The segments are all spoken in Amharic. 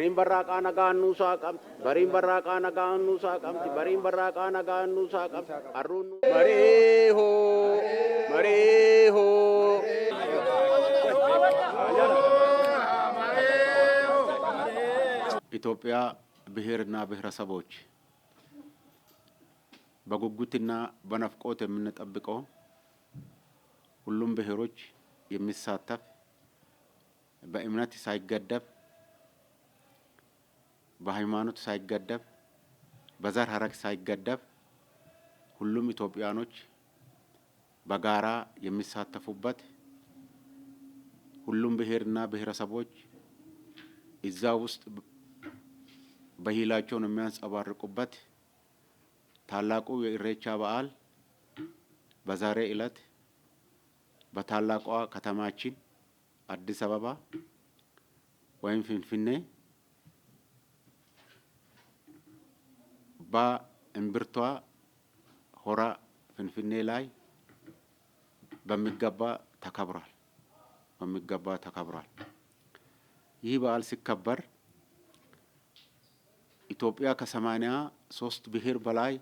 Bariin barraaqaa nagaannuusaa qabdi. Bariin barraaqaa nagaannuusaa qabdi. Bariin barraaqaa nagaannuusaa qabdi. Arruunnu. Marii hoo! Marii hoo! ኢትዮጵያ ብሔርና ብሔረሰቦች በጉጉትና በናፍቆት የምንጠብቀው ሁሉም ብሔሮች የሚሳተፍ በእምነት ሳይገደብ በሃይማኖት ሳይገደብ በዘር ሀረግ ሳይገደብ ሁሉም ኢትዮጵያኖች በጋራ የሚሳተፉበት ሁሉም ብሔርና ብሔረሰቦች እዛ ውስጥ በሂላቸውን የሚያንጸባርቁበት ታላቁ የኢሬቻ በዓል በዛሬ ዕለት በታላቋ ከተማችን አዲስ አበባ ወይም ፊንፊኔ ባ እምብርቷ ሆራ ፍንፍኔ ላይ በሚገባ ተከብሯል። በሚገባ ተከብሯል። ይህ በዓል ሲከበር ኢትዮጵያ ከሰማንያ ሶስት ብሔር በላይ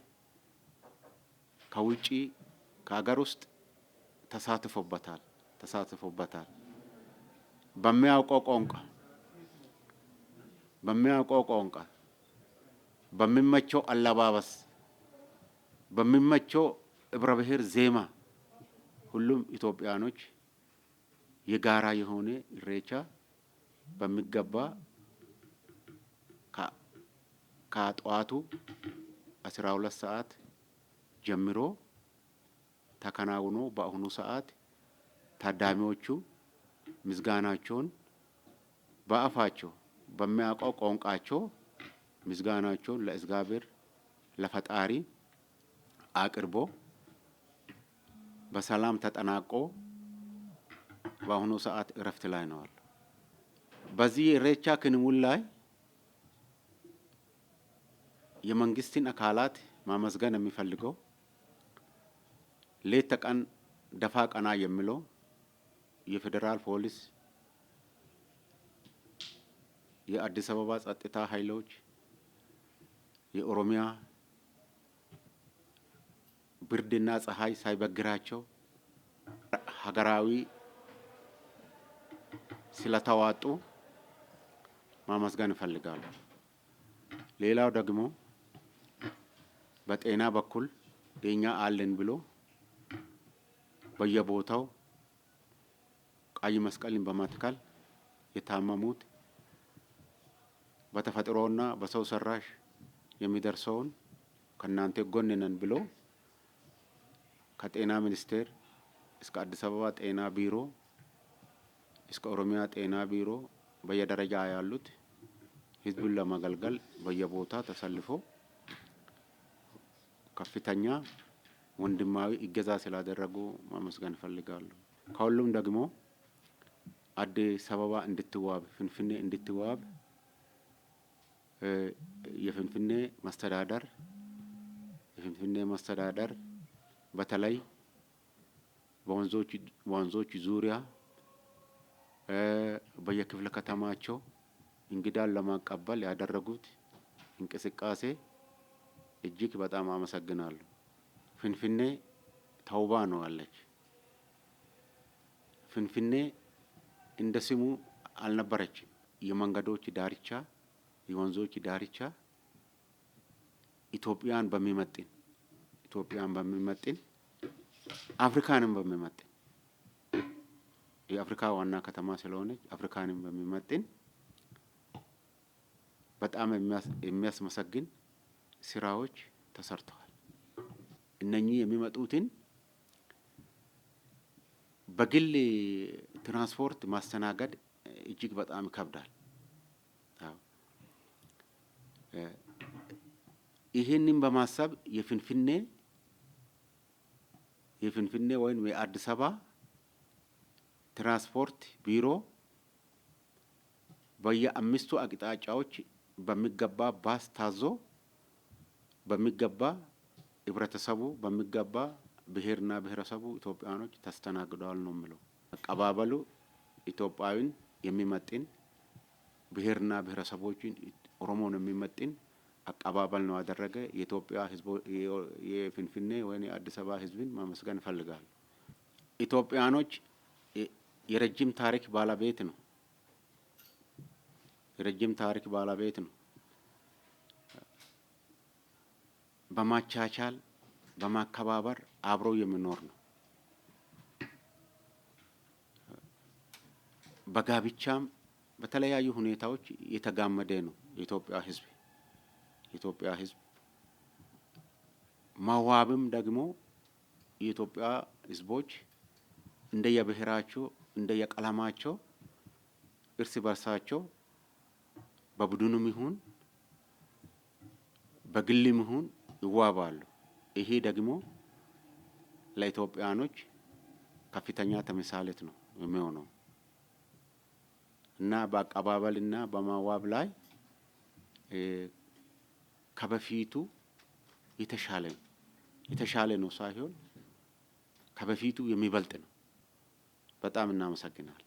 ከውጪ ከሀገር ውስጥ ተሳትፎበታል ተሳትፎበታል በሚያውቀው ቋንቋ በሚያውቀው ቋንቋ በሚመቸው አለባበስ፣ በሚመቸው ህብረ ብሔር ዜማ ሁሉም ኢትዮጵያኖች የጋራ የሆነ ኢሬቻ በሚገባ ከጠዋቱ አስራ ሁለት ሰዓት ጀምሮ ተከናውኖ በአሁኑ ሰዓት ታዳሚዎቹ ምስጋናቸውን በአፋቸው በሚያውቀው ቋንቋቸው ምስጋናቸውን ለእግዚአብሔር ለፈጣሪ አቅርቦ በሰላም ተጠናቆ በአሁኑ ሰዓት እረፍት ላይ ነዋል። በዚህ እሬቻ ክንውን ላይ የመንግስትን አካላት ማመስገን የሚፈልገው ሌት ተቀን ደፋ ቀና የሚለው የፌዴራል ፖሊስ፣ የአዲስ አበባ ጸጥታ ኃይሎች የኦሮሚያ ብርድና ፀሐይ ሳይበግራቸው ሀገራዊ ስለተዋጡ ማመስገን እፈልጋለሁ። ሌላው ደግሞ በጤና በኩል የኛ አለን ብሎ በየቦታው ቀይ መስቀልን በመትከል የታመሙት በተፈጥሮና በሰው ሰራሽ የሚደርሰውን ከእናንተ ጎን ነን ብሎ ከጤና ሚኒስቴር እስከ አዲስ አበባ ጤና ቢሮ እስከ ኦሮሚያ ጤና ቢሮ በየደረጃ ያሉት ህዝቡን ለማገልገል በየቦታ ተሰልፎ ከፍተኛ ወንድማዊ እገዛ ስላደረጉ ማመስገን እፈልጋለሁ። ከሁሉም ደግሞ አዲስ አበባ እንድትዋብ፣ ፍንፍኔ እንድትዋብ የፍንፍኔ መስተዳደር የፍንፍኔ መስተዳደር በተለይ በወንዞች ዙሪያ በየክፍለ ከተማቸው እንግዳን ለማቀበል ያደረጉት እንቅስቃሴ እጅግ በጣም አመሰግናለሁ። ፍንፍኔ ተውባ ነው አለች። ፍንፍኔ እንደ ስሙ አልነበረችም። የመንገዶች ዳርቻ የወንዞች ዳርቻ ኢትዮጵያን በሚመጥን ኢትዮጵያን በሚመጥን አፍሪካንም በሚመጥን የአፍሪካ ዋና ከተማ ስለሆነች አፍሪካንም በሚመጥን በጣም የሚያስመሰግን ስራዎች ተሰርተዋል። እነኚህ የሚመጡትን በግል ትራንስፖርት ማስተናገድ እጅግ በጣም ይከብዳል። ይሄንን በማሰብ የፍንፍኔ የፍንፍኔ ወይም የአዲስ አበባ ትራንስፖርት ቢሮ በየአምስቱ አቅጣጫዎች በሚገባ ባስ ታዞ በሚገባ ህብረተሰቡ በሚገባ ብሔርና ብሔረሰቡ ኢትዮጵያኖች ተስተናግደዋል ነው የምለው። አቀባበሉ ኢትዮጵያዊን የሚመጥን ብሔርና ብሔረሰቦችን ኦሮሞን የሚመጥን አቀባበል ነው ያደረገ። የኢትዮጵያ ህዝብ የፍንፍኔ ወይ የአዲስ አበባ ህዝብን ማመስገን እፈልጋለሁ። ኢትዮጵያኖች የረጅም ታሪክ ባለቤት ነው የረጅም ታሪክ ባለቤት ነው። በማቻቻል በማከባበር አብሮ የሚኖር ነው። በጋብቻም በተለያዩ ሁኔታዎች የተጋመደ ነው። የኢትዮጵያ ህዝብ የኢትዮጵያ ህዝብ ማዋብም ደግሞ የኢትዮጵያ ህዝቦች እንደየብሔራቸው እንደየቀለማቸው እርስ በርሳቸው በቡድኑም ይሁን በግልም ይሁን ይዋባሉ። ይሄ ደግሞ ለኢትዮጵያኖች ከፍተኛ ተምሳሌት ነው የሚሆነው እና በአቀባበል እና በማዋብ ላይ ከበፊቱ የተሻለ ነው። የተሻለ ነው ሳይሆን ከበፊቱ የሚበልጥ ነው። በጣም እናመሰግናለን።